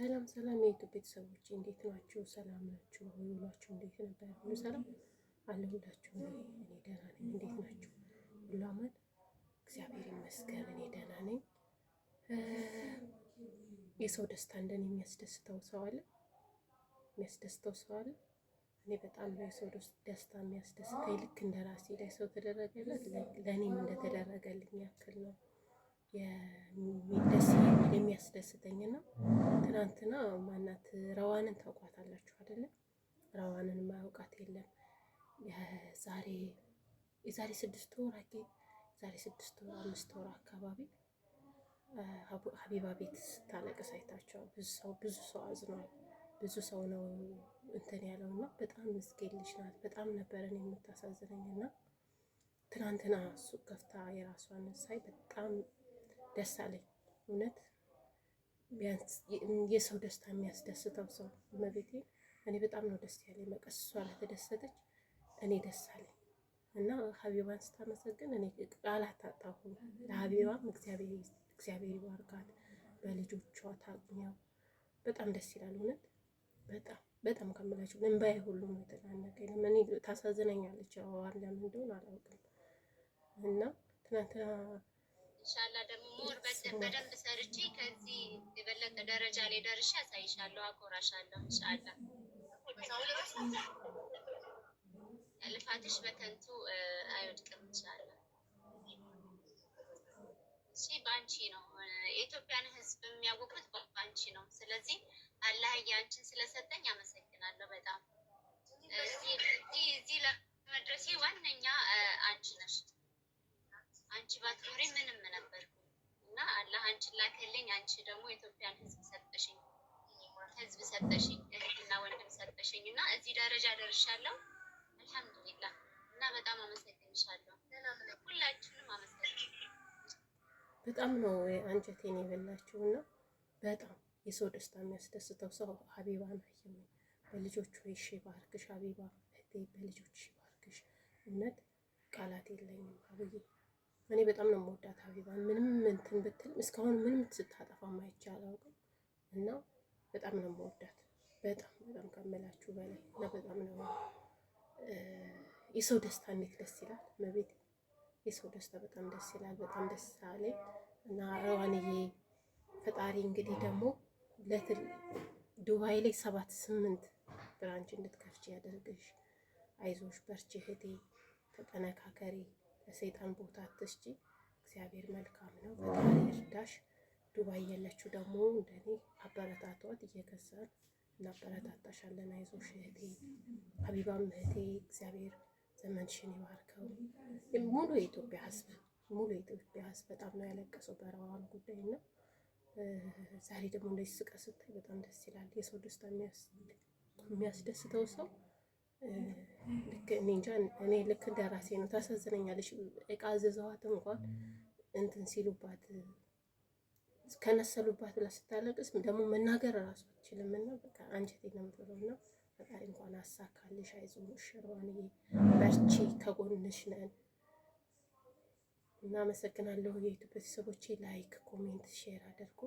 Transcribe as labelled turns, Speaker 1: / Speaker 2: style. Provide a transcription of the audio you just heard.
Speaker 1: ሰላም ሰላም የዩቱብ ቤተሰቦች እንዴት ናችሁ? ሰላም ናችሁ? ሁላችሁ እንዴት ነበር? ሁሉ ሰላም አለሁላችሁ። እኔ ደህና ነኝ። እንዴት ናችሁ? ሁሉ አማን? እግዚአብሔር ይመስገን። እኔ ደህና ነኝ። የሰው ደስታ እንደኔ የሚያስደስተው ሰው አለ? የሚያስደስተው ሰው አለ? እኔ በጣም የሰው ደስታ የሚያስደስተኝ ልክ እንደ ራሴ ሰው ተደረገለት ለእኔም እንደተደረገልኝ ያክል ነው የሚደስ ያስደስተኝና ትናንትና ማናት ረዋንን ታውቋታላችሁ አይደለም? ረዋንን ማያውቃት የለም። የዛሬ የዛሬ ስድስት ወር አኬ ዛሬ ስድስት ወር አምስት ወር አካባቢ ሀቢባ ቤት ስታለቅስ አይታቸው ብዙ ሰው ብዙ ሰው አዝኗል። ብዙ ሰው ነው እንትን ያለው እና በጣም ምስኪን ልጅ ናት። በጣም ነበረን የምታሳዝነኝ እና ትናንትና ሱቅ ከፍታ የራሷን ሳይ በጣም ደስ አለኝ እውነት የሰው ደስታ የሚያስደስተው ሰው መቤቴ እኔ በጣም ነው ደስ ያለኝ። በቃ እሷ ለተደሰተች እኔ ደስ አለኝ እና ሀቢባን ስታመሰግን እኔ ቃል አታጣሁም። ለሀቢባም እግዚአብሔር ይባርካት በልጆቿ ታቅኛው በጣም ደስ ይላል። እውነት በጣም በጣም ከምላችሁ እንባዬ ሁሉ ነው የተናነቀኝ። ታሳዝነኛለች። ለምን እንደሆነ አላውቅም እና ትናንትና
Speaker 2: እንሻላ ደግሞ ሞር በደንብ ሰርቼ ከዚህ የበለጠ ደረጃ ላይ ደርሼ አሳይሻለሁ፣ አኮራሻለሁ። እንሻላ ልፋትሽ በከንቱ አይወድቅም። እንሻላ እሺ። በአንቺ ነው የኢትዮጵያን ሕዝብ የሚያውቁት በአንቺ ነው። ስለዚህ አላህ ያንቺን ላከልኝ። አንቺ ደግሞ ኢትዮጵያን ህዝብ ሰጠሽኝ፣ ህዝብ ሰጠሽኝ፣ እህትና ወንድም ሰጠሽኝ እና እዚህ ደረጃ ደርሻለሁ። አልሐምዱሊላህ እና በጣም አመሰግንሻለሁ። ሁላችንም አመሰግን
Speaker 1: በጣም ነው አንጀቴን የበላችሁ እና በጣም የሰው ደስታ የሚያስደስተው ሰው ሀቢባ ናየሚ በልጆቹ ይሽ ባርክሽ ሀቢባ በልጆች ባርክሽ። እውነት ቃላት የለኝም ሀብዬ እኔ በጣም ነው የምወዳት ሀቢባን ምንም እንትን ብትል እስካሁን ምንም ስታጠፋ ማይቼ አላውቅም። እና በጣም ነው የምወዳት በጣም በጣም ከምላችሁ በላይ እና በጣም ነው የሰው ደስታ እንዴት ደስ ይላል! መቤት የሰው ደስታ በጣም ደስ ይላል። በጣም ደስ አለኝ እና ረዋንዬ ፈጣሪ እንግዲህ ደግሞ ለትል ዱባይ ላይ ሰባት ስምንት ብራንች እንድትከፍች ያደርግሽ። አይዞሽ በርቺ እህቴ፣ ተጠነካከሪ በሰይጣን ቦታ አትስጪ። እግዚአብሔር መልካም ነው። በጣም እርዳሽ። ዱባይ የለችው ደግሞ እንደኔ አበረታቷት፣ እየገዛን እናበረታታሻለን። አይዞሽ እህቴ፣ ሀቢባም እህቴ፣ እግዚአብሔር ዘመንሽን ይባርከው። ሙሉ የኢትዮጵያ ሕዝብ ሙሉ የኢትዮጵያ ሕዝብ በጣም ነው ያለቀሰው በረዋን ጉዳይ እና ዛሬ ደግሞ እንደዚህ ስቀ ስታይ በጣም ደስ ይላል። የሰው ደስታ የሚያስደስተው ሰው ልክ እኔ እንጃ እኔ ልክ እንደ ራሴ ነው። ታሳዝነኛለች። እቃ አዘዘዋት እንኳን እንትን ሲሉባት ከነሰሉባት ብላ ስታለቅስ ደግሞ መናገር እራሱ አችልም እና በቃ አንጀት የለምትለው እና ፈጣሪ እንኳን አሳካልሽ፣ አይዞሽ፣ ሸርዋንዬ በርቺ፣ ከጎንሽ ነን። እናመሰግናለሁ የዩቱብ ቤተሰቦቼ። ላይክ፣ ኮሜንት፣ ሼር አድርጉ።